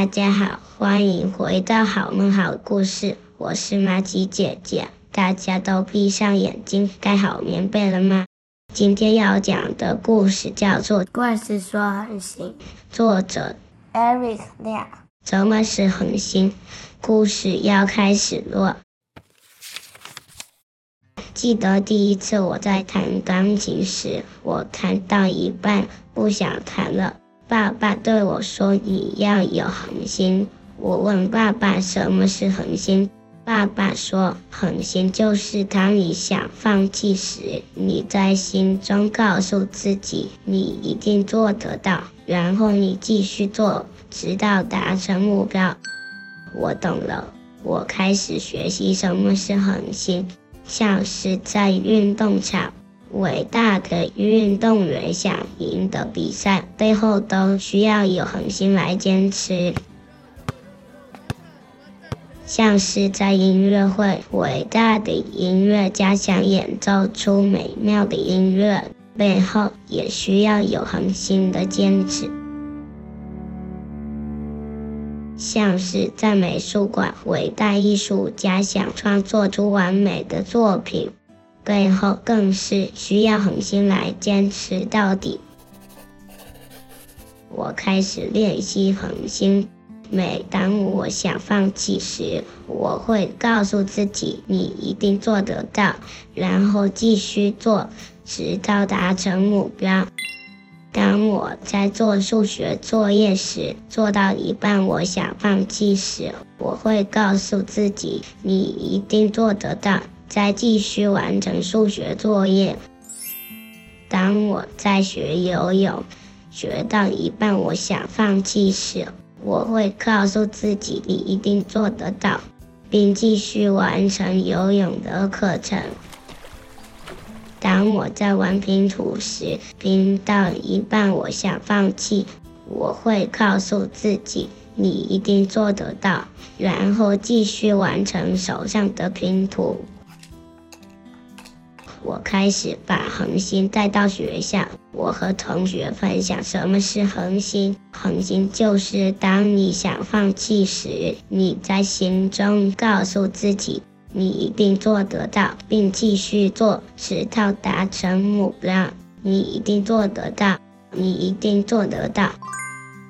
大家好，歡迎回到《好夢好故事》，我是瑪吉姐姐。大家都閉上眼睛，蓋好棉被了嗎？今天要講的故事叫做《Grace 說恆心》，作者 Eric Liao。什麼是恆心？故事要開始嘍！記得第一次我在彈鋼琴時，我彈到一半不想彈了。爸爸對我說：“你要有恆心。”我問爸爸：“什麼是恆心？”爸爸說：“恆心就是當你想放棄時，你在心中告訴自己，你一定做得到，然後你繼續做，直到達成目標。”我懂了，我開始學習什麼是恆心，像是在運動場。偉大的運動員想贏得比賽，背後都需要有恆心來堅持。像是在音樂會，偉大的音樂家想演奏出美妙的音樂，背後也需要有恆心的堅持。像是在美術館，偉大藝術家想創作出完美的作品。最後更是需要恆心來堅持到底。我開始練習恆心，每當我想放棄時，我會告訴自己：“你一定做得到。”然後繼續做，直到達成目標。當我在做數學作業時，做到一半我想放棄時，我會告訴自己：“你一定做得到。”再繼續完成數學作業。當我在學游泳，學到一半我想放棄時，我會告訴自己：“你一定做得到”，並繼續完成游泳的課程。當我在玩拼圖時，拼到一半我想放棄，我會告訴自己：“你一定做得到”，然後繼續完成手上的拼圖。我開始把恆心帶到學校。我和同學分享什麼是恆心。恆心就是當你想放棄時，你在心中告訴自己：“你一定做得到，並繼續做，直到達成目標。”你一定做得到，你一定做得到。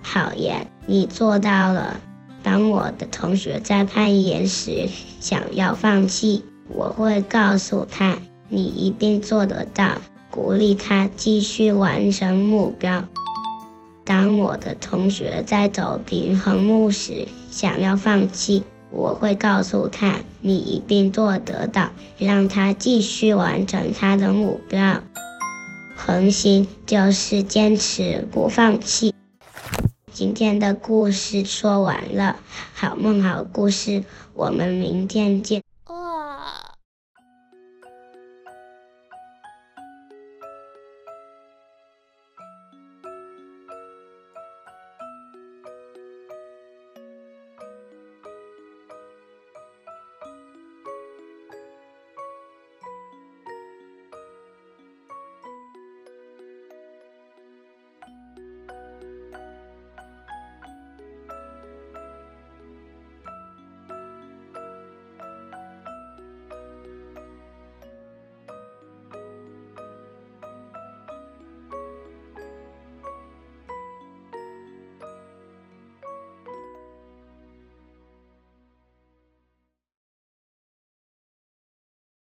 好耶，你做到了。當我的同學在攀岩時想要放棄，我會告訴他。你一定做得到，鼓勵他繼續完成目標。當我的同學在走平衡木時想要放棄，我會告訴他：“你一定做得到，讓他繼續完成他的目標。”恆心就是堅持不放棄。今天的故事說完了，好夢好故事，我們明天見。